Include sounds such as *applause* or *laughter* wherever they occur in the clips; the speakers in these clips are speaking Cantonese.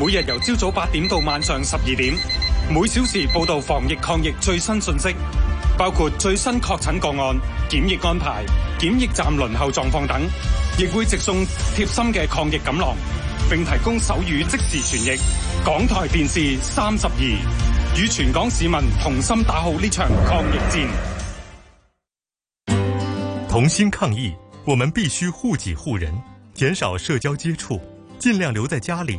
每日由朝早八點到晚上十二點，每小時報道防疫抗疫最新信息，包括最新確診個案、檢疫安排、檢疫站輪候狀況等，亦會直送貼心嘅抗疫錦囊，並提供手語即時傳譯。港台電視三十二與全港市民同心打好呢場抗疫戰。同心抗疫，我們必須護己護人，減少社交接觸，盡量留在家裏。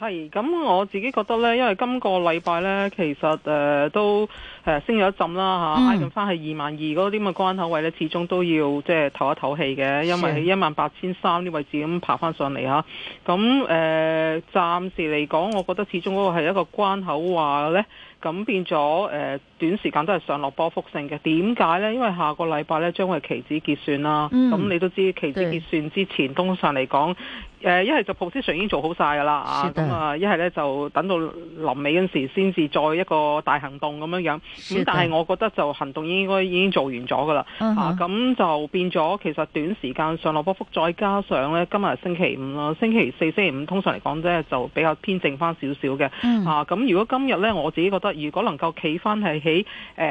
係，咁我自己覺得呢，因為今個禮拜呢，其實誒、呃、都誒、呃、升咗一陣啦嚇、啊嗯，挨近翻去二萬二嗰啲咁嘅關口位呢，始終都要即係唞一唞氣嘅，因為一萬八千三啲位置咁爬翻上嚟嚇，咁誒暫時嚟講，我覺得始終嗰個係一個關口話呢，咁變咗誒。呃短時間都係上落波幅性嘅，點解呢？因為下個禮拜咧將會期指結算啦，咁、嗯、你都知道期指結算之前，通常嚟講，誒一係就 position 已經做好晒㗎啦，咁啊一係呢，就等到臨尾嗰時先至再一個大行動咁樣樣。咁但係我覺得就行動應該已經做完咗㗎啦，嚇、uh、咁 -huh. 啊、就變咗其實短時間上落波幅，再加上咧今日係星期五啦，星期四、星期五通常嚟講咧就比較偏靜翻少少嘅，嚇、嗯、咁、啊、如果今日呢，我自己覺得，如果能夠企翻係。喺誒、 *noise* 嗯，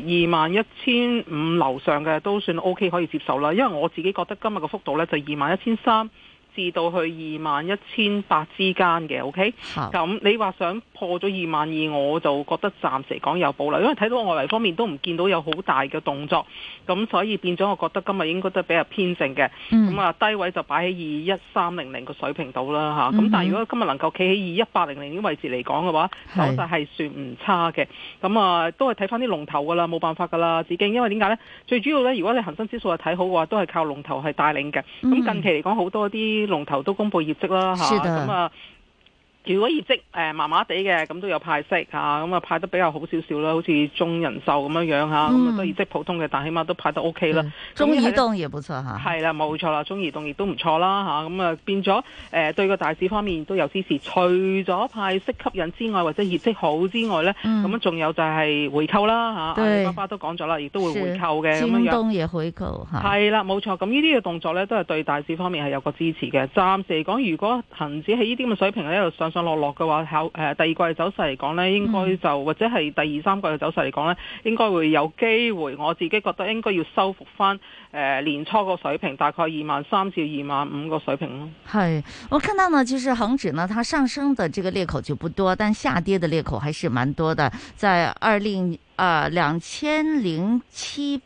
二萬一千五樓上嘅都算 OK 可以接受啦，因為我自己覺得今日嘅幅度咧就二萬一千三。至到去二萬一千八之間嘅，OK，咁、啊、你話想破咗二萬二，我就覺得暫時嚟講有保留，因為睇到外圍方面都唔見到有好大嘅動作，咁所以變咗我覺得今日應該都比較偏靜嘅。咁、嗯、啊低位就擺喺二一三零零個水平度啦，咁、嗯、但係如果今日能夠企喺二一八零零呢位置嚟講嘅話，走勢係算唔差嘅。咁啊都係睇翻啲龍頭㗎啦，冇辦法㗎啦，子敬。因為點解呢？最主要呢，如果你恒生指數係睇好嘅話，都係靠龍頭係帶領嘅。咁近期嚟講好多啲。啲龍頭都公布業績啦，吓咁啊，如果業績誒麻麻地嘅，咁都有派息嚇，咁啊派得比較好少少啦，好似中人壽咁樣樣嚇，咁都業績普通嘅，但起碼都派得 O K 啦。中移動都唔錯嚇。係啦，冇、啊、錯啦，中移動亦都唔錯啦嚇，咁啊，啊變咗誒、呃、對個大市方面都有支持。除咗派息吸引之外，或者業績好之外咧，咁、嗯、仲有就係回購啦嚇，阿里巴巴都講咗啦，亦都會回購嘅咁樣樣。中移回購嚇。係啦，冇錯，咁呢啲嘅動作咧都係對大市方面係有個支持嘅。暫時嚟講，如果恒指喺呢啲咁嘅水平喺度上。上落落嘅話，考誒第二季嘅走勢嚟講呢，應該就或者係第二三季嘅走勢嚟講呢，應該會有機會。我自己覺得應該要收復翻誒、呃、年初個水平，大概二萬三至二萬五個水平咯。係，我看到呢，就是恆指呢，它上升的這個裂口就不多，但下跌的裂口還是蠻多的，在二零啊兩千零七。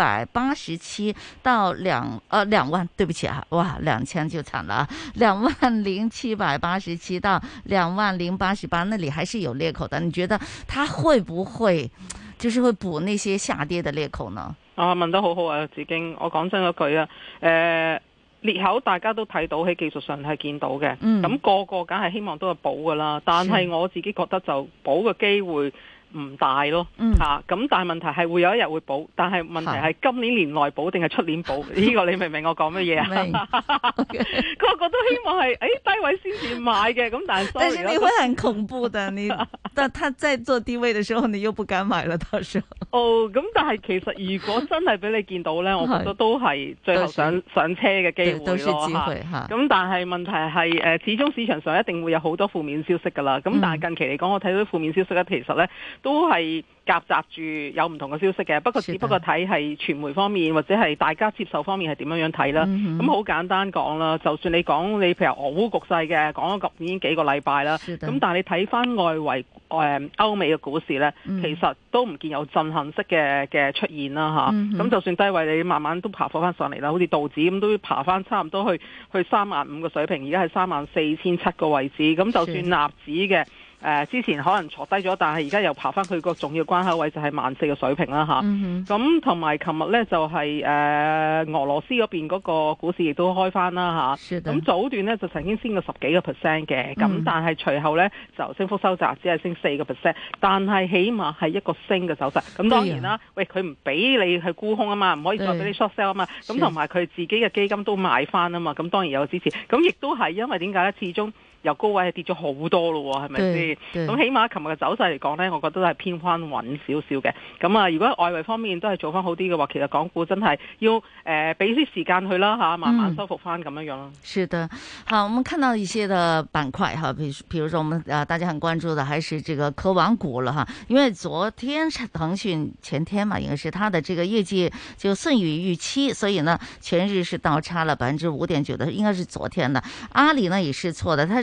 百八十七到兩、啊，呃兩萬，對不起啊，哇兩千就慘啦，兩萬零七百八十七到兩萬零八十八，那裏還是有裂口的，你覺得它會不會，就是會補那些下跌的裂口呢？啊問得好好啊，紫荊，我講真嗰句啊，誒、呃、裂口大家都睇到喺技術上係見到嘅，咁、嗯那個個梗係希望都係補噶啦，但係我自己覺得就補嘅機會。唔大咯吓，咁、嗯啊、但係問題係會有一日會補，但係問題係今年年內補定係出年補？呢 *laughs* 個你明唔明我講乜嘢啊？個 *laughs* *laughs* *laughs* 個都希望係誒、哎、低位先至買嘅，咁但係。但係你會很恐怖的， *laughs* 你但係在做低位嘅時候，你又不敢買了，到時候。哦，咁但係其實如果真係俾你見到咧， *laughs* 我覺得都係最後上上車嘅機會咁、啊、但係問題係誒，始終市場上一定會有好多負面消息噶啦。咁、嗯、但係近期嚟講，我睇到負面消息咧，其實咧。都係夾雜住有唔同嘅消息嘅，不過只不過睇係傳媒方面或者係大家接受方面係點樣樣睇啦。咁好簡單講啦，就算你講你譬如俄烏局勢嘅，講咗咁已經幾個禮拜啦。咁但係你睇翻外圍誒歐美嘅股市呢，嗯、其實都唔見有震撼式嘅嘅出現啦吓，咁、嗯嗯、就算低位你慢慢都爬翻返上嚟啦，好似道指咁都要爬翻差唔多去去三萬五個水平，而家係三萬四千七個位置。咁就算納指嘅。誒、呃、之前可能坐低咗，但係而家又爬翻佢個重要關口位，就係萬四嘅水平啦嚇。咁同埋琴日咧就係、是、誒、呃、俄羅斯嗰邊嗰個股市亦都開翻啦嚇。咁、啊、早段咧就曾經升過十幾個 percent 嘅，咁、mm -hmm. 但係隨後咧就升幅收窄，只係升四個 percent。但係起碼係一個升嘅走勢。咁當然啦，yeah. 喂，佢唔俾你去沽空啊嘛，唔可以再俾你 short sell 啊嘛。咁同埋佢自己嘅基金都買翻啊嘛。咁當然有支持。咁亦都係因為點解咧？始終由高位跌咗好多咯，係咪先？咁起碼琴日嘅走勢嚟講呢，我覺得都係偏翻穩少少嘅。咁啊，如果外圍方面都係做翻好啲嘅話，其實港股真係要誒俾啲時間佢啦嚇、啊，慢慢收復翻咁樣樣咯。是的，好，我們看到一些的板塊哈，比，譬如說我們啊大家很關注的，還是這個科網股了哈，因為昨天騰訊前天嘛，應該是它的這個業績就勝於預期，所以呢前日是倒差了百分之五點九的，應該是昨天的。阿里呢也是錯的，它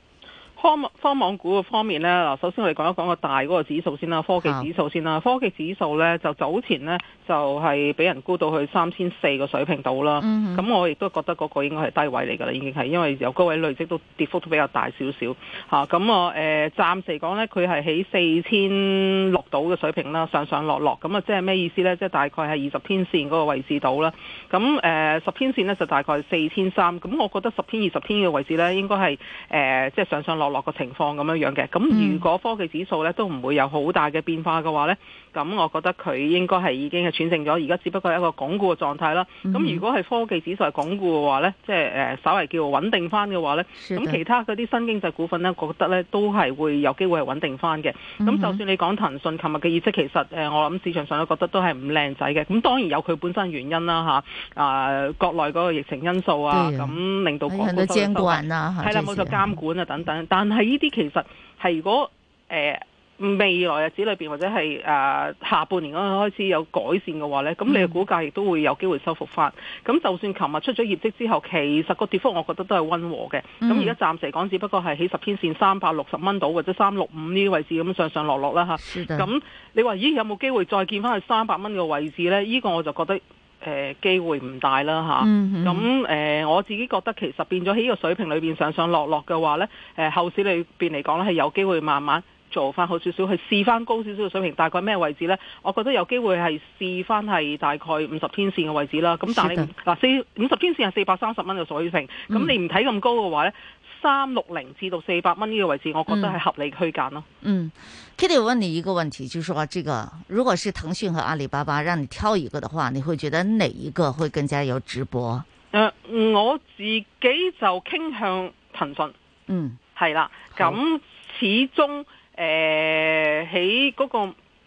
科科網股嘅方面呢，嗱，首先我哋講一講個大嗰個指數先啦， *noise* 科技指數先啦。科技指數呢，就早前呢，就係俾人沽到去三千四個水平度啦。咁 *noise* 我亦都覺得嗰個應該係低位嚟㗎啦，已經係因為由高位累積都跌幅都比較大少少，咁我誒暫時嚟講呢，佢係喺四千六度嘅水平啦，上上落落咁啊，即係咩意思呢？即係大概係二十天線嗰個位置度啦。咁誒十天線呢，就大概四千三。咁我覺得十天二十天嘅位置呢，應該係誒即係上上落落個情況咁樣嘅，咁如果科技指數咧都唔會有好大嘅變化嘅話咧，咁我覺得佢應該係已經係喘正咗，而家只不過一個鞏固嘅狀態啦。咁、嗯、如果係科技指數係鞏固嘅話咧，即係誒稍微叫穩定翻嘅話咧，咁其他嗰啲新經濟股份咧，覺得咧都係會有機會係穩定翻嘅。咁、嗯、就算你講騰訊，琴日嘅意識其實我諗市場上都覺得都係唔靚仔嘅。咁當然有佢本身原因啦嚇，啊國內嗰個疫情因素啊，咁令到港股都收緊啊，係啦、啊，冇錯、啊、監管啊等等。但係呢啲其實係如果、呃、未來日子裏面或者係、呃、下半年嗰陣開始有改善嘅話呢，咁你嘅股價亦都會有機會收復翻。咁就算琴日出咗業績之後，其實個跌幅我覺得都係溫和嘅。咁而家暫時講，只不過係起十天線三百六十蚊到或者三六五呢啲位置咁上上落落啦吓，咁你話咦有冇機會再見翻去三百蚊嘅位置呢？呢、呢個我就覺得。誒機會唔大啦嚇，咁誒我自己覺得其實變咗喺呢個水平裏面上上落落嘅話呢，誒、呃、後市裏面嚟講呢，係有機會慢慢做翻好少少去試翻高少少嘅水平，大概咩位置呢？我覺得有機會係試翻係大概五十天線嘅位置啦。咁但係你嗱，四五十天線係四百三十蚊嘅水平，咁你唔睇咁高嘅話、嗯、呢。三六零至到四百蚊呢個位置，我覺得係合理區間咯。嗯，Kitty，、嗯、我問你一個問題，就係話，這個如果是騰訊和阿里巴巴，讓你挑一個的話，你會覺得哪一個會更加有直播？呃、我自己就傾向騰訊。嗯，係啦，咁始終誒喺嗰個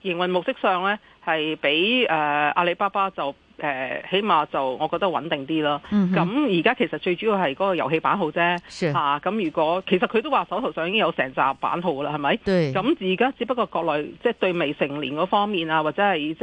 營運模式上咧，係比誒、呃、阿里巴巴就。誒、呃，起碼就我覺得穩定啲啦。咁而家其實最主要係嗰個遊戲版號啫。嚇，咁、啊、如果其實佢都話手頭上已經有成集版號啦，係咪？咁而家只不過國內即係對未成年嗰方面啊，或者係即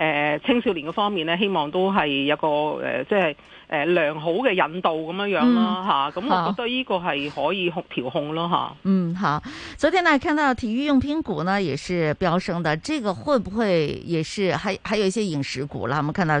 係青少年嗰方面呢，希望都係一個、呃、即係、呃、良好嘅引導咁樣樣啦。咁、嗯啊、我覺得呢個係可以控調控咯。吓，嗯好。昨天呢看到體育用品股呢也是飆升的，這個會不會也是？還，還有一些飲食股啦，我們看到。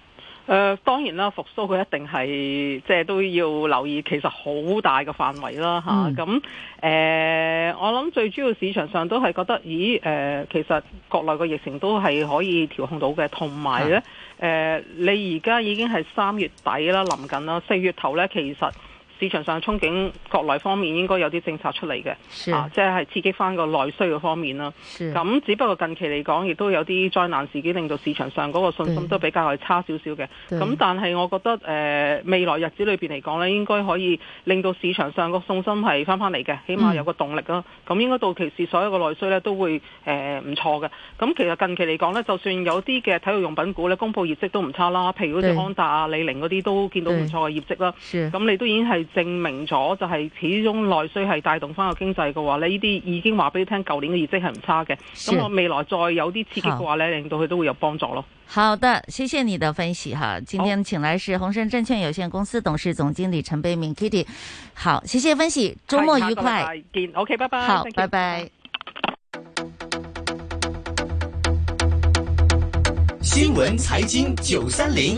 誒、呃、當然啦，復蘇佢一定係即係都要留意，其實好大嘅範圍啦吓，咁誒，我諗最主要市場上都係覺得，咦誒、呃，其實國內個疫情都係可以調控到嘅，同埋呢，誒、啊啊，你而家已經係三月底啦，臨近啦，四月頭呢，其實。市場上憧憬國內方面應該有啲政策出嚟嘅，啊，即係刺激翻個內需嘅方面啦。咁只不過近期嚟講，亦都有啲災難事件令到市場上嗰個信心都比較係差少少嘅。咁但係我覺得誒、呃、未來日子裏邊嚟講咧，應該可以令到市場上個信心係翻翻嚟嘅，起碼有個動力咯。咁、嗯、應該到期時，所有個內需咧都會誒唔、呃、錯嘅。咁其實近期嚟講咧，就算有啲嘅體育用品股咧，公布業績都唔差啦。譬如好似安踏啊、李寧嗰啲都見到唔錯嘅業績啦。咁你都已經係。證明咗就係始終內需係帶動翻個經濟嘅話，你呢啲已經話俾你聽，舊年嘅業績係唔差嘅。咁我未來再有啲刺激嘅話呢，令到佢都會有幫助咯。好的，謝謝你的分析吓。今天請來是宏盛證券有限公司董事總經理陳貝明 Kitty。好，謝謝分析，週末愉快，再見。OK，拜拜，好，拜拜。新聞財經九三零。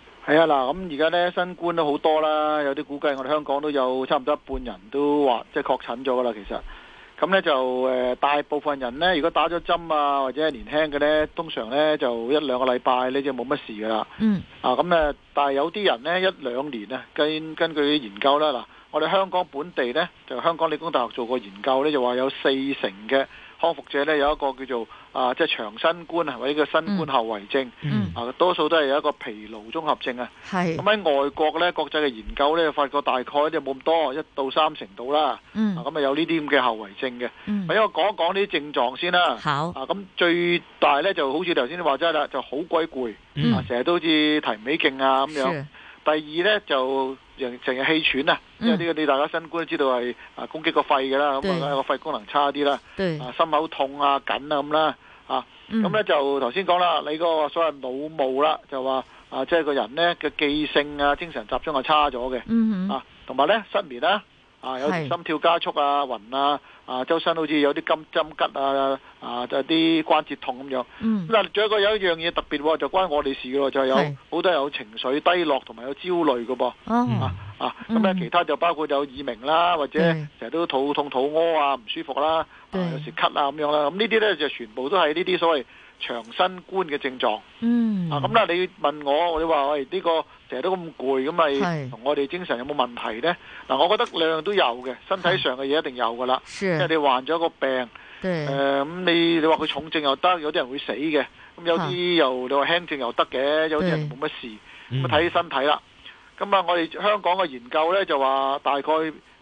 係啊，嗱，咁而家咧新冠都好多啦，有啲估計我哋香港都有差唔多一半人都話即係確診咗噶啦，其實，咁咧就誒大部分人咧，如果打咗針啊或者係年輕嘅咧，通常咧就一兩個禮拜咧就冇乜事噶啦。嗯。啊，咁咧，但係有啲人咧一兩年啊，根根據研究啦。嗱，我哋香港本地咧就香港理工大學做過研究咧，就話有四成嘅康復者咧有一個叫做。啊，即係長新冠啊，或者個新冠後遺症、嗯嗯、啊，多數都係有一個疲勞綜合症啊。係咁喺外國咧，國際嘅研究咧，發覺大概就冇咁多，一到三成度啦。嗯，咁啊那有呢啲咁嘅後遺症嘅。嗯，咪我講一講啲症狀先啦、啊。好啊，咁最大咧就好似頭先你話齋啦，就好鬼攰、嗯，啊，成日都好似提唔起勁啊咁樣。第二咧就。成日氣喘啦、啊嗯，因為呢個你大家新冠都知道係啊攻擊個肺嘅啦，咁啊個肺功能差啲啦，啊心口痛啊緊啊咁啦、啊嗯，啊咁咧就頭先講啦，你個所謂腦霧啦，就話啊即係、就係、個人咧嘅記性啊、精神集中係差咗嘅、嗯，啊同埋咧失眠啦、啊。啊！有時心跳加速啊、暈啊、啊周身好似有啲金針吉啊、啊就啲、是、關節痛咁樣。嗯，咁仲有一個有一樣嘢特別喎、哦，就關我哋事嘅喎，就係、是、有好多有情緒低落同埋有，有焦慮嘅噃。哦，嗯、啊咁啊，啊、嗯，其他就包括有耳鳴啦，或者成日都肚痛肚屙啊，唔舒服啦，啊、有時咳啊咁樣啦。咁呢啲咧就全部都係呢啲所謂長新冠嘅症狀，嗯，啊咁啦，你問我，你話喂，呢個成日都咁攰，咁咪同我哋精神有冇問題呢？嗱，我覺得兩樣都有嘅，身體上嘅嘢一定有噶啦，即係你患咗個病，誒，咁你你話佢重症又得，有啲人會死嘅，咁有啲又你話輕症又得嘅，有啲人冇乜事，咁睇身體啦。咁啊，我哋香港嘅研究呢就話大概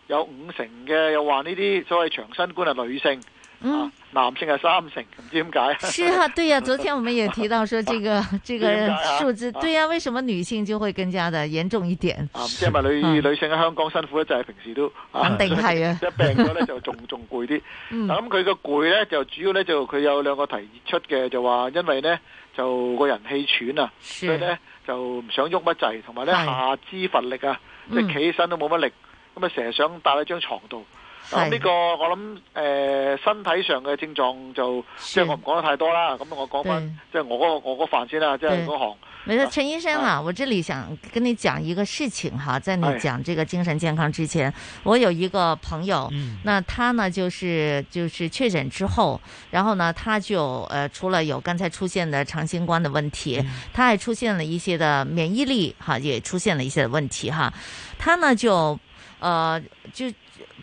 有五成嘅又患呢啲所謂長新冠係女性， *noise* 啊、男性係三成，唔知點解。是啊，對呀、啊， *laughs* 昨天我們也提到說，這個、啊、這個數字，對呀、啊，為什麼女性就會更加的嚴重一點？即係咪女女性喺香港辛苦得滯，平時都肯定係啊，即、啊、病咗咧就仲仲攰啲。咁佢個攰咧就主要咧就佢有兩個提出嘅，就話因為咧就個人氣喘啊，所以咧就唔想喐乜滯，同埋咧下肢乏力啊，即係企起身都冇乜力，咁啊成日想打喺張床度。啊、嗯！呢、這個我諗，誒、呃，身體上嘅症狀就，即係我唔講得太多啦。咁、嗯、我講翻，即係我嗰個我個份先啦，即係嗰行。沒錯，陳醫生啊，啊，我這裡想跟你講一個事情哈。在你講這個精神健康之前，我有一個朋友，嗯、那他呢就是就是確診之後，然後呢他就，呃，除了有剛才出現的長新冠的問題，嗯、他也出現了一些的免疫力哈，也出現了一些問題哈。他呢就，呃，就。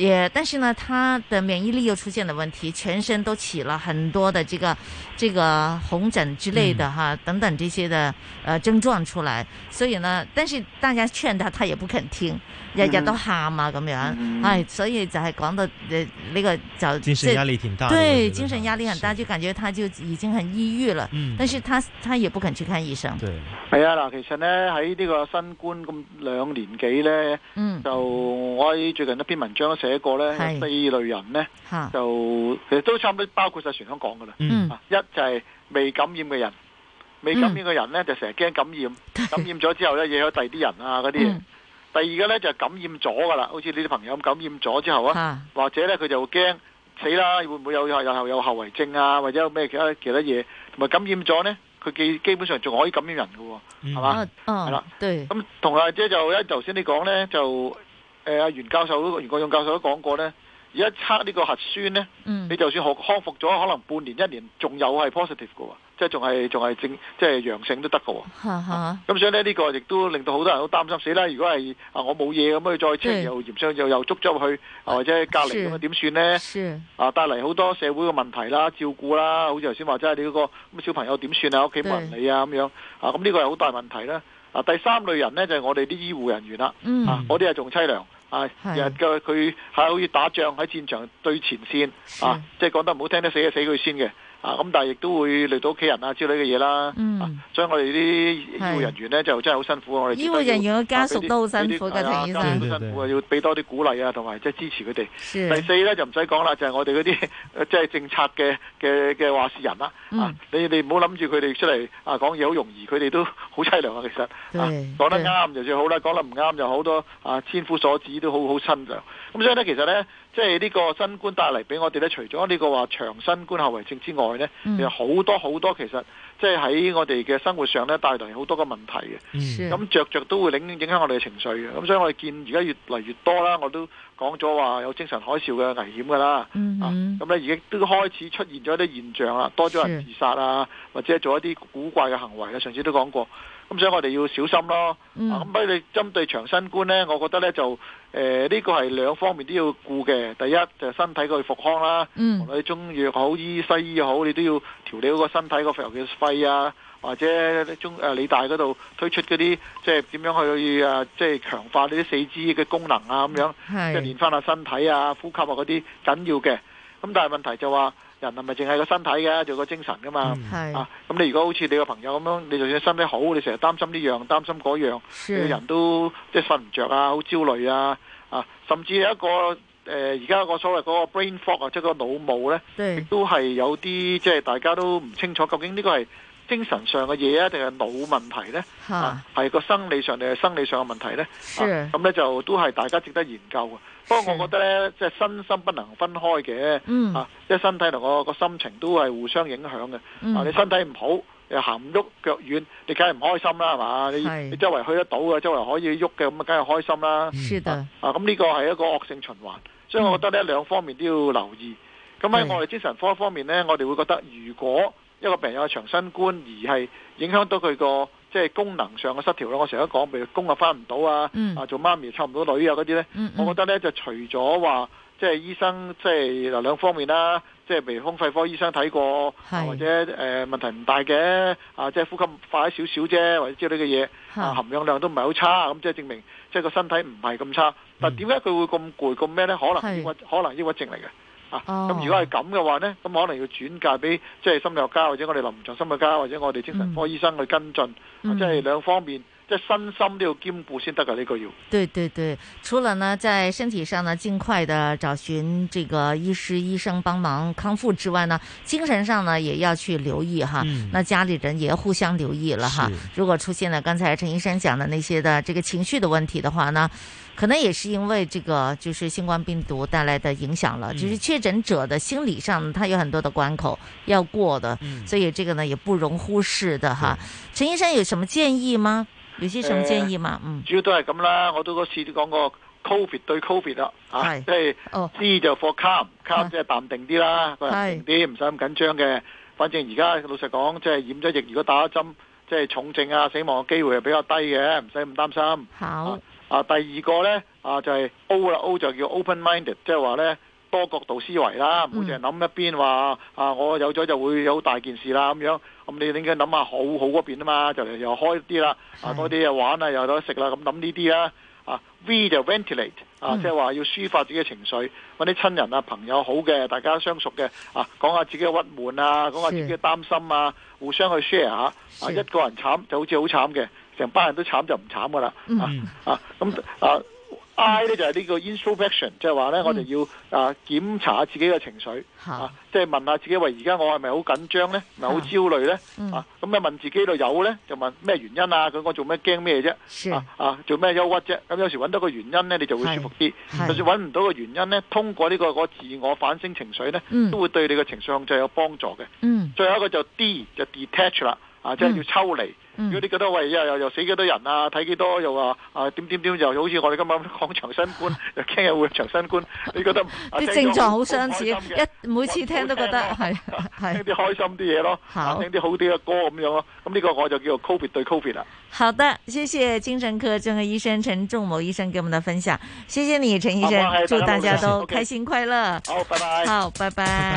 也，但是呢，他的免疫力又出現了問題，全身都起了很多的這個、這個紅疹之類的哈，等等這些的呃症狀出來，嗯。所以呢，但是大家勸他，他也不肯聽，日日、嗯、都喊啊咁樣、嗯，哎，所以就係講到誒，那、這個就，精神壓力挺大，對，精神壓力很大，就感覺他就已經很抑鬱了。嗯，但是他他也不肯去看醫生。對，係啊，嗱，其實呢喺呢個新冠咁兩年幾呢，嗯，就我喺最近一篇文章都寫。一個咧，四類人咧就其實都差唔多，包括晒全香港噶啦。一就係未感染嘅人，未感染嘅人咧就成日驚感染，感染咗之後咧惹咗第二啲人啊嗰啲嘢。第二個咧就係感染咗噶啦，好似你啲朋友咁感染咗之後啊，或者咧佢就驚死啦，會唔會有後有後後遺症啊，或者有咩其他其他嘢？同埋感染咗咧，佢基基本上仲可以感染人噶，係嘛？係啦，對。咁，同阿姐就咧，頭先你講咧就。誒，袁教授、袁國勇教授都講過咧，而家測呢個核酸咧，你就算學康復咗，可能半年一年仲有係 positive 㗎喎，即係仲係仲係正，即係陽性都得㗎喎。嚇嚇！咁所以咧，呢個亦都令到好多人好擔心死啦。如果係啊，我冇嘢咁，佢再測又驗上又又捉咗入去，或者隔離咁啊，點算咧？啊，帶嚟好多社會嘅問題啦，照顧啦，好似頭先話即係你嗰個咁小朋友點算啊？屋企問你啊咁樣啊，咁呢個係好大問題啦。啊，第三類人呢，就係、是、我哋啲醫護人員啦、嗯，啊，嗰啲係仲凄涼，啊，日日佢係好似打仗喺戰場對前線，啊，即係講得唔好聽咧，死就死佢先嘅。啊，咁但係亦都會嚟到屋企人啊之類嘅嘢啦，所以我哋啲醫護人員咧就真係好辛苦。我哋醫護人員嘅家屬都好辛苦㗎。同意啊，好辛苦啊，要俾多啲鼓勵啊，同埋即係支持佢哋。第四咧就唔使講啦，就係、就是、我哋嗰啲即係政策嘅嘅嘅話事人啦。啊，嗯、你哋唔好諗住佢哋出嚟啊講嘢好容易，佢哋都好淒涼啊，其實講得啱就算好啦，講得唔啱就好多啊千夫所指都好好親就。咁所以咧，其實咧，即係呢個新冠帶嚟俾我哋咧，除咗呢個話長新冠後遺症之外咧，有、嗯、好多好多其實即係喺我哋嘅生活上咧，帶嚟好多嘅問題嘅。咁着着都會影影響我哋嘅情緒嘅。咁所以我哋見而家越嚟越多啦，我都講咗話有精神海嘯嘅危險噶啦。咁、嗯、咧、嗯啊、已經都開始出現咗一啲現象啦，多咗人自殺啊，或者做一啲古怪嘅行為啊。上次都講過。咁所以我哋要小心咯。咁所以你針對長新冠咧，我覺得咧就誒呢、呃這個係兩方面都要顧嘅。第一就係、是、身體去復康啦，同、嗯、你中藥好、醫西醫好，你都要調理個身體個，尤其肺啊，或者中誒、啊、理大嗰度推出嗰啲即係點樣去誒，即、啊、係、就是、強化啲四肢嘅功能啊咁樣，即係練翻下身體啊、呼吸啊嗰啲緊要嘅。咁但係問題就話。人係咪淨係個身體嘅，仲有個精神噶嘛？係啊，咁你如果好似你個朋友咁樣，你就算身體好，你成日擔心呢樣擔心嗰樣，你個人都即係瞓唔著啊，好焦慮啊，啊，甚至有一個誒而家個所謂嗰個 brain fog 啊，即係個腦霧咧，亦都係有啲即係大家都唔清楚，究竟呢個係精神上嘅嘢啊，定係腦問題咧？嚇，係個生理上定係生理上嘅問題咧？係，咁咧就都係大家值得研究嘅。不過我覺得咧，即係身心不能分開嘅、嗯，啊，即係身體同個個心情都係互相影響嘅、嗯。啊，你身體唔好，又行唔喐腳軟，你梗係唔開心啦，係嘛？你你周圍去得到嘅，周圍可以喐嘅，咁啊梗係開心啦。是的。啊，咁呢個係一個惡性循環，所以我覺得呢兩、嗯、方面都要留意。咁喺我哋精神科方面呢，我哋會覺得如果一個病人有長新冠，而係影響到佢個。即係功能上嘅失調咯，我成日都講，譬如工作翻唔到啊，啊做媽咪湊唔到女啊嗰啲咧，我覺得咧就除咗話即係醫生即係嗱兩方面啦，即係譬如胸肺科醫生睇過，或者誒、呃、問題唔大嘅，啊即係呼吸快少少啫，或者之類嘅嘢，啊含氧量都唔係好差，咁即係證明即係個身體唔係咁差，但點解佢會咁攰咁咩咧？可能抑鬱，可能抑鬱症嚟嘅。啊，咁如果係咁嘅話咧，咁可能要轉介俾即係心理學家，或者我哋臨床心理家，或者我哋精神科醫生去跟進，即、嗯、係、啊就是、兩方面。這身心都要兼顧先得噶，呢個要。對對對，除了呢，在身體上呢，盡快的找尋這個醫師醫生幫忙康復之外呢，精神上呢，也要去留意哈。嗯、那家裏人也要互相留意了哈。是。如果出現了剛才陳醫生講的那些的這個情緒的問題的話呢，可能也是因為這個就是新冠病毒帶來的影響了，嗯、就是確診者的心理上，他有很多的關口要過的、嗯。所以這個呢，也不容忽視的哈。陳醫生有什麼建議嗎？你先上建業嘛，嗯、呃，主要都係咁啦，我都嗰次都講過，COVID 對 COVID 啦，啊，即係知就，是、就是 for calm，即、啊、係淡定啲啦，個人平啲，唔使咁緊張嘅。反正而家老實講，即、就、係、是、染咗疫，如果打一針，即、就、係、是、重症啊、死亡嘅機會係比較低嘅，唔使咁擔心。好。啊，啊第二個咧，啊就係 O 啦，O 就叫 open minded，即係話咧。多角度思維啦，唔好淨係諗一邊話、嗯、啊！我有咗就會有大件事啦咁樣。咁你點解諗下好好嗰邊啊嘛？就又開啲啦，啊多啲嘢玩啊，玩又得食啦，咁諗呢啲啊啊。V 就 ventilate 啊，嗯、即係話要抒發自己情緒，揾啲親人啊、朋友好嘅，大家相熟嘅啊，講下自己嘅鬱悶啊，講下自己嘅擔心啊，互相去 share 下啊，啊，一個人慘就好似好慘嘅，成班人都慘就唔慘噶啦、嗯。啊咁啊。I、嗯、咧就係、是、呢個 introspection 即係話咧，我哋要啊檢查自的啊、就是、下自己嘅情緒，啊即係問下自己喂，而家我係咪好緊張咧？係咪好焦慮咧？啊咁一、嗯啊、問自己度有咧，就問咩原因啊？佢我做咩驚咩啫？啊啊做咩憂鬱啫、啊？咁有時揾到個原因咧，你就會舒服啲；就算揾唔到個原因咧，通過呢、這個個自我反省情緒咧，都會對你嘅情緒控制有幫助嘅。嗯，最後一個就 D 就 detach 啦，啊即係、就是、要抽離。嗯嗯如、嗯、果你覺得喂又又又死幾多人看多啊？睇幾多又話啊點點點？又好似我哋今晚講長新冠， *laughs* 又驚又會長新冠，你覺得啲症狀好相似，一每次聽都覺得係係、嗯、聽啲、啊啊、開心啲嘢咯，啊、聽啲好啲嘅歌咁樣咯。咁、嗯、呢、這個我就叫做 covid 對 covid 啦、啊。好的，謝謝精神科專科醫生陳仲謀醫生給我們的分享，謝謝你陳醫生，祝大家都、okay、開心快樂。好，拜拜。好，拜拜。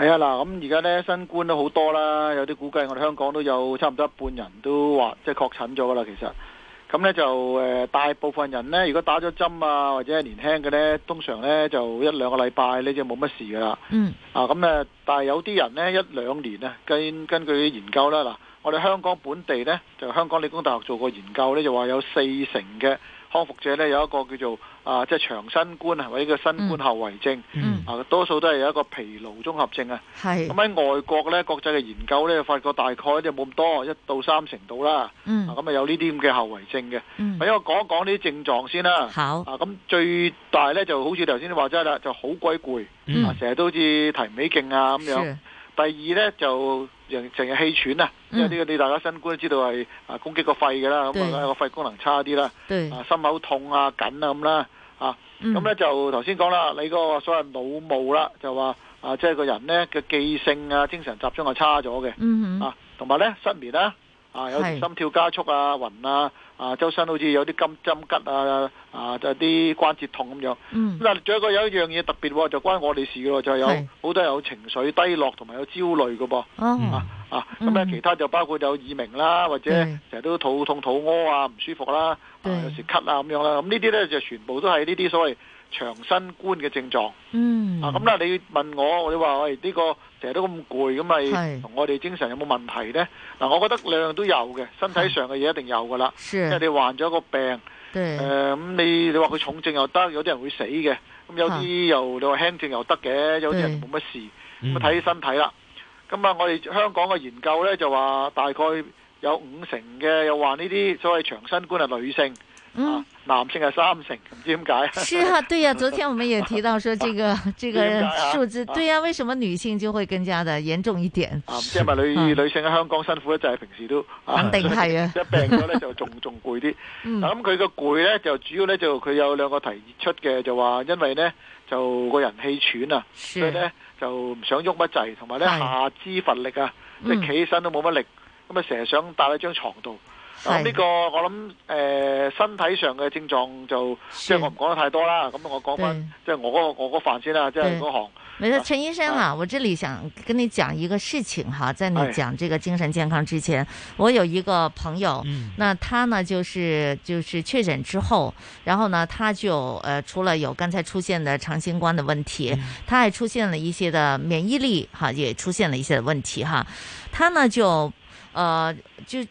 係啊，嗱，咁而家咧新冠都好多啦，有啲估計我哋香港都有差唔多一半人都話即係確診咗噶啦，其實，咁咧就誒大部分人咧，如果打咗針啊或者係年輕嘅咧，通常咧就一兩個禮拜咧就冇乜事噶啦。嗯。啊，咁誒，但係有啲人咧一兩年啊，根根據研究啦，嗱，我哋香港本地咧就香港理工大學做過研究咧，就話有四成嘅康復者咧有一個叫做。.啊，即係長新冠啊，或者個新冠後遺症、嗯，啊，多數都係有一個疲勞綜合症啊。係咁喺外國咧，國際嘅研究咧，發覺大概就冇咁多，一到三成度啦。嗯，咁啊那有呢啲咁嘅後遺症嘅。嗯，俾我講一講呢啲症狀先啦。好。啊，咁最大咧就好似頭先你話齋啦，就好鬼攰、嗯，啊，成日都好似提唔起勁啊咁樣。第二咧就成成日氣喘啊，嗯、因為呢個你大家新冠都知道係啊攻擊個肺嘅啦，咁啊個肺功能差啲啦，啊心口痛啊緊啊咁啦、啊嗯，啊咁咧就頭先講啦，你個所謂腦霧啦，就話啊即係、就是、個人咧嘅記性啊、精神集中係差咗嘅、嗯，啊同埋咧失眠啦。啊！有心跳加速啊、暈啊、啊周身好似有啲金針吉啊、啊就啲、是、關節痛咁樣。嗯，嗱，仲有一個有一樣嘢特別喎、哦，就關我哋事嘅喎，就係、是、有好多有情緒低落同埋有焦慮嘅噃。哦，啊，咁、嗯、咧、啊啊嗯啊、其他就包括有耳鳴啦，或者成日都肚痛肚屙啊，唔舒服啦，啊、有時咳啊咁樣啦。咁、啊、呢啲咧就全部都係呢啲所謂。長新冠嘅症狀，嗯，啊，咁啦，你問我，你話，喂，呢個成日都咁攰，咁咪，同我哋精神有冇問題咧？嗱，我覺得兩樣都有嘅，身體上嘅嘢一定有噶啦，即係你患咗個病，誒，咁你你話佢重症又得，有啲人會死嘅，咁有啲又你話輕症又得嘅，有啲人冇乜事，咁睇身體啦。咁啊，我哋香港嘅研究咧就話，大概有五成嘅又患呢啲所謂長新冠嘅女性。嗯啊、男性係三成，唔知點解？是啊，對呀、啊，昨天我們也提到說，這個、啊、這個數字，啊啊、對呀、啊，為什麼女性就會更加的嚴重一點？啊，即係女、嗯、女性喺香港辛苦一滯，平時都肯、啊、定係啊，一病咗咧就仲仲攰啲。咁佢個攰咧就主要咧就佢有兩個提出嘅，就話因為咧就個人氣喘啊，是所以咧就唔想喐乜滯，同埋咧下肢乏力啊，嗯、即係企起身都冇乜力，咁啊成日想打喺張床度。啊、嗯！呢、這個我諗誒、呃，身體上嘅症狀就是即係我唔講得太多啦。咁、嗯、我講翻即係我嗰個我嗰份先啦，即係嗰行。沒錯，陳醫生啊，啊，我這裏想跟你講一個事情哈。在你講這個精神健康之前，我有一個朋友，嗯、那他呢就是就是確診之後，然後呢他就呃除了有剛才出現的長新冠的問題，嗯、他還出現了一些的免疫力哈，也出現了一些問題哈。他呢就呃就。呃就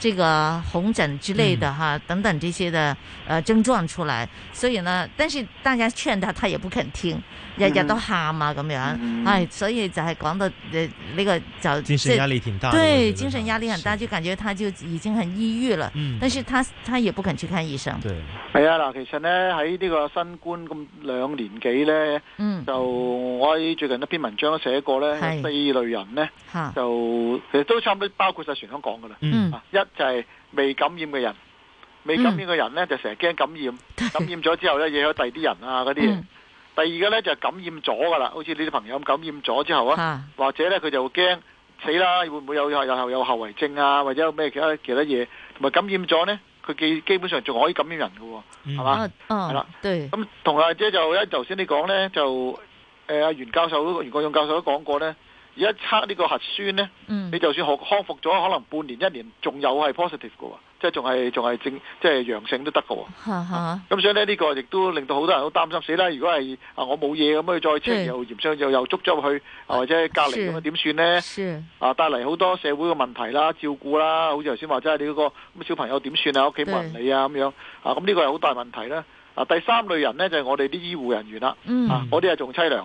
這個紅疹之類的哈，等等這些的，呃、症狀出來，嗯，所以呢，但是大家勸他，他也不肯聽，日日，嗯、都喊啊咁樣，唉、嗯、哎，所以就係講到呢，這個就，精神壓力挺大，對，精神壓力很大，就感覺他就已經很抑鬱了，嗯、但是他他也不肯去看醫生，係啊，嗱，其實呢喺呢個新冠咁兩年幾呢，嗯，就我喺最近一篇文章都寫過咧，四類人咧，就其實都差唔多包括晒全香港噶啦，嗯，啊、一就係未感染嘅人，未感染嘅人咧就成日驚感染，感染咗之後咧，影響第二啲人啊嗰啲嘢。第二個咧就係感染咗噶啦，好似你啲朋友咁，感染咗之後啊，或者咧佢就驚死啦，會唔會有後後後後遺症啊，或者咩其他其他嘢？同埋感染咗咧，佢基基本上仲可以感染人㗎，係嘛？係啦，對。咁同阿姐就咧頭先你講咧，就誒阿袁教授都袁國勇教授都講過咧。而一測呢個核酸呢，嗯、你就算康康復咗，可能半年一年仲有係 positive 嘅喎、啊，即係仲係仲係正即係陽性都得嘅喎。咁、啊、所以呢，呢、呢個亦都令到好多人好擔心死啦。如果係啊，我冇嘢咁去再即係又驗上又又捉咗去，或者隔離咁啊點算呢？啊，帶嚟好多社會嘅問題啦，照顧啦，好似頭先話即係你嗰、嗰個咁小朋友點算啊？屋企冇人理啊咁樣啊，咁呢個係好大問題啦。啊，第三類人呢，就係、係、我哋啲醫護人員啦。嗯。啊，啲係仲淒涼。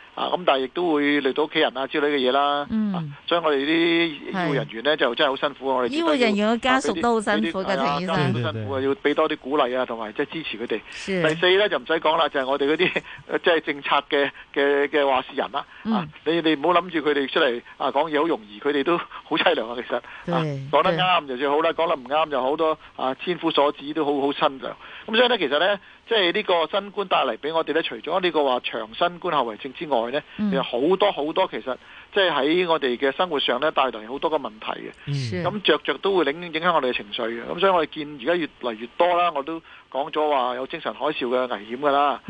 啊，咁但係亦都會累到屋企人啊之類嘅嘢啦。嗯、啊，所以我哋啲醫護人員咧就真係好辛苦。我哋醫護人員嘅家屬都好辛苦㗎。同意。家屬都辛苦啊，要俾多啲鼓勵啊，同埋即係支持佢哋。第四咧就唔使講啦，就係、就是、我哋嗰啲即係政策嘅嘅嘅話事人啦。啊，嗯、你哋唔好諗住佢哋出嚟啊講嘢好容易，佢哋都好淒涼啊。其實，講、啊、得啱就算好啦，講得唔啱就好多啊，千夫所指都好好親就。咁、嗯、所以咧，其實咧，即係呢個新冠帶嚟俾我哋咧，除咗呢個話長新冠後遺症之外咧，有、嗯、好多好多其實即係喺我哋嘅生活上咧，帶嚟好多個問題嘅。咁着着都會影影響我哋嘅情緒嘅。咁所以我哋見而家越嚟越多啦，我都講咗話有精神海嘯嘅危險噶啦。啊，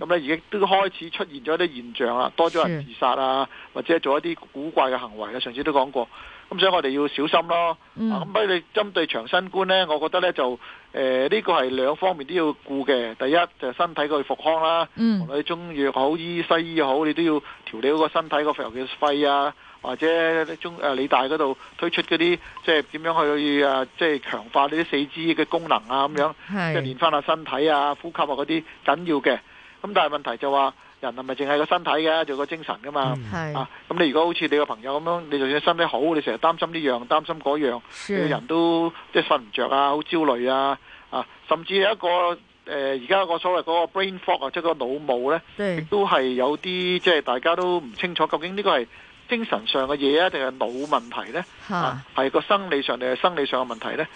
咁咧已經都開始出現咗一啲現象啦，多咗人自殺啊，嗯、或者做一啲古怪嘅行為啦。上次都講過。咁所以我哋要小心咯。咁俾你針對長新冠咧，我覺得咧就誒呢、呃這個係兩方面都要顧嘅。第一就是、身體個復康啦，同、嗯、你中藥好，醫西醫好，你都要調理嗰個身體個譬如肺啊，或者中誒、呃、理大嗰度推出嗰啲即係點樣去啊，即、就、係、是、強化啲四肢嘅功能啊咁樣，即係練翻下身體啊、呼吸啊嗰啲緊要嘅。咁但係問題就話。人係咪淨係個身體嘅，仲有個精神噶嘛？係啊，咁你如果好似你個朋友咁樣，你就算身體好，你成日擔心呢樣，擔心嗰樣，個人都即係瞓唔著啊，好焦慮啊，啊，甚至一個誒而家個所謂嗰個 brain fog 啊，即係個腦霧咧，亦都係有啲即係大家都唔清楚，究竟呢個係精神上嘅嘢啊，定係腦問題咧？吓，係個生理上定係生理上嘅問題咧？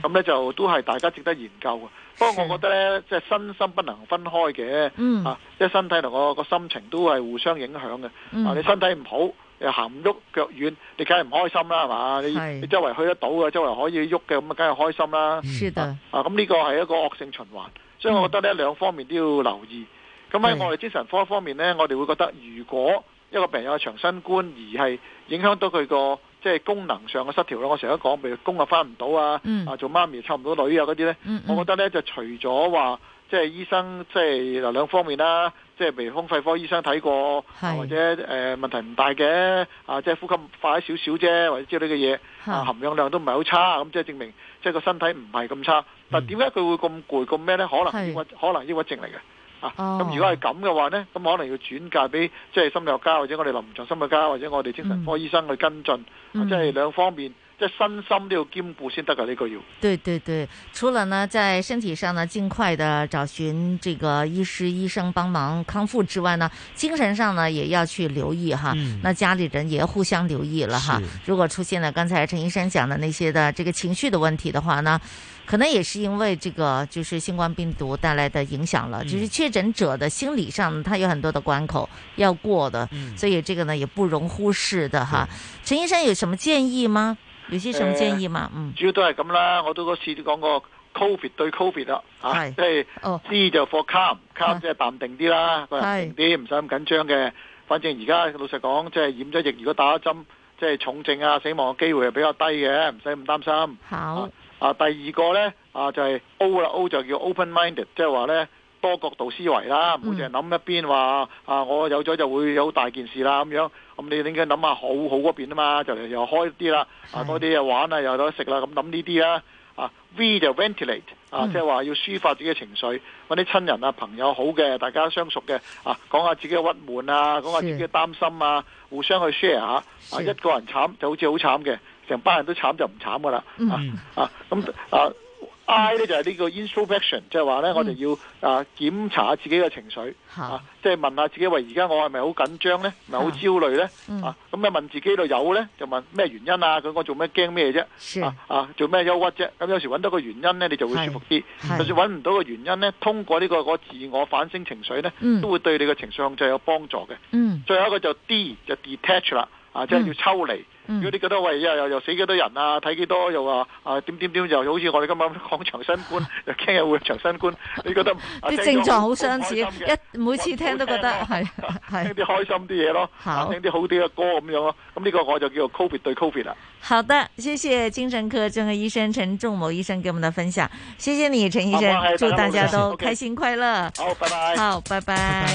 咁咧就都係大家值得研究啊！不過我覺得咧，即係身心不能分開嘅，嗯，啊，即係身體同我個心情都係互相影響嘅，嗯。啊，你身體唔好，又行唔喐，腳軟，你梗係唔開心啦，係嘛？你你周圍去得到嘅，周圍可以喐嘅，咁啊，梗係開心啦。是的。啊，咁呢個係一個惡性循環，所以我覺得呢兩方面都要留意。咁喺我哋精神科方面呢，我哋會覺得如果一個病人有長新冠，而係影響到佢個。即係功能上嘅失調咯，我成日都講，譬如工作翻唔到啊，啊做媽咪湊唔到女啊嗰啲咧，我覺得咧就除咗話即係醫生即係嗱兩方面啦，即係譬如胸肺科醫生睇過，或者誒、呃、問題唔大嘅啊，即係呼吸快少少啫，或者之類嘅嘢，啊含氧量都唔係好差，咁、嗯、即係證明即係個身體唔係咁差，嗯、但點解佢會咁攰咁咩咧？可能抑鬱，可能抑鬱症嚟嘅。哦、啊，咁如果係咁嘅話呢，咁可能要轉介俾即係心理學家，或者我哋臨床心理學家或者我哋精神科醫生去跟進，嗯嗯啊、即係兩方面，即係身心都要兼顧先得噶，呢、這個要。對對對，除了呢，在身體上呢，盡快的找尋這個醫師醫生幫忙康復之外呢，精神上呢，也要去留意哈。嗯、那家裏人也要互相留意了哈。如果出現了剛才陳醫生講的那些的這個情緒的問題的話呢？可能也是因為這個，就是新冠病毒帶來的影響了，就是確診者的心理上，他有很多的關口要過的，所以這個呢，也不容忽視的哈、啊。陳醫生有什麼建議嗎？有些什麼建議嗎？呃、嗯，主要都係咁啦，我都嗰次都講過，covid 對 covid 啦，吓，即係知就 for calm，calm 即係淡定啲啦，個人平啲，唔使咁緊張嘅。反正而家老實講，即係染咗疫，如果打咗針，即係重症啊、死亡嘅機會係比較低嘅，唔使咁擔心。好。啊啊，第二個呢，啊就係、是、O 啦，O 就叫 open-minded，即係話呢，多角度思維啦，唔好淨係諗一邊話啊，我有咗就會有大件事啦咁樣。咁你點解諗下好好嗰邊啊嘛？就嚟又開啲啦，啊多啲又玩啦、啊，又得食啦，咁諗呢啲啦，是 V 就 ventilate、嗯、啊，即係話要抒發自己嘅情緒，揾啲親人啊朋友好嘅，大家相熟嘅啊，講下自己嘅鬱悶啊，講下自己嘅擔心啊，互相去 share 下啊，一個人慘就好似好慘嘅。成班人都慘就唔慘噶啦、嗯，啊啊咁、嗯就是嗯、啊 I 咧就係呢個 introspection，即係話咧我哋要啊檢查自的、嗯啊就是、下自己嘅情緒，啊即係問下自己喂，而家我係咪好緊張咧，唔係好焦慮咧，啊咁啊問自己度有咧，就問咩原因啊？佢講做咩驚咩啫？啊啊做咩憂鬱啫、啊？咁有時揾到個原因咧，你就會舒服啲。就算揾唔到個原因咧，通過呢、這個個自我反省情緒咧、嗯，都會對你嘅情緒控制有幫助嘅。嗯，最後一個就是 D 就 detach 啦、嗯，啊即係、就是、要抽離。嗯、如果幾多位又又死幾多人啊？睇幾多又話啊，啊點點點？又好似我哋今晚講長新冠， *laughs* 又聽日會長新冠， *laughs* 你覺得啲症狀好相似？一、啊、每次聽都覺得係係聽啲開心啲嘢咯，聽啲好啲嘅歌咁樣咯。咁、嗯、呢、這個我就叫做 Covid 對 Covid 啦、啊。好的，謝謝精神科專科醫生陳仲謀醫生給我們的分享。謝謝你，陳醫生，祝大家都開心，okay 開心，okay、開心快樂。好，拜拜。好，拜拜。 *laughs*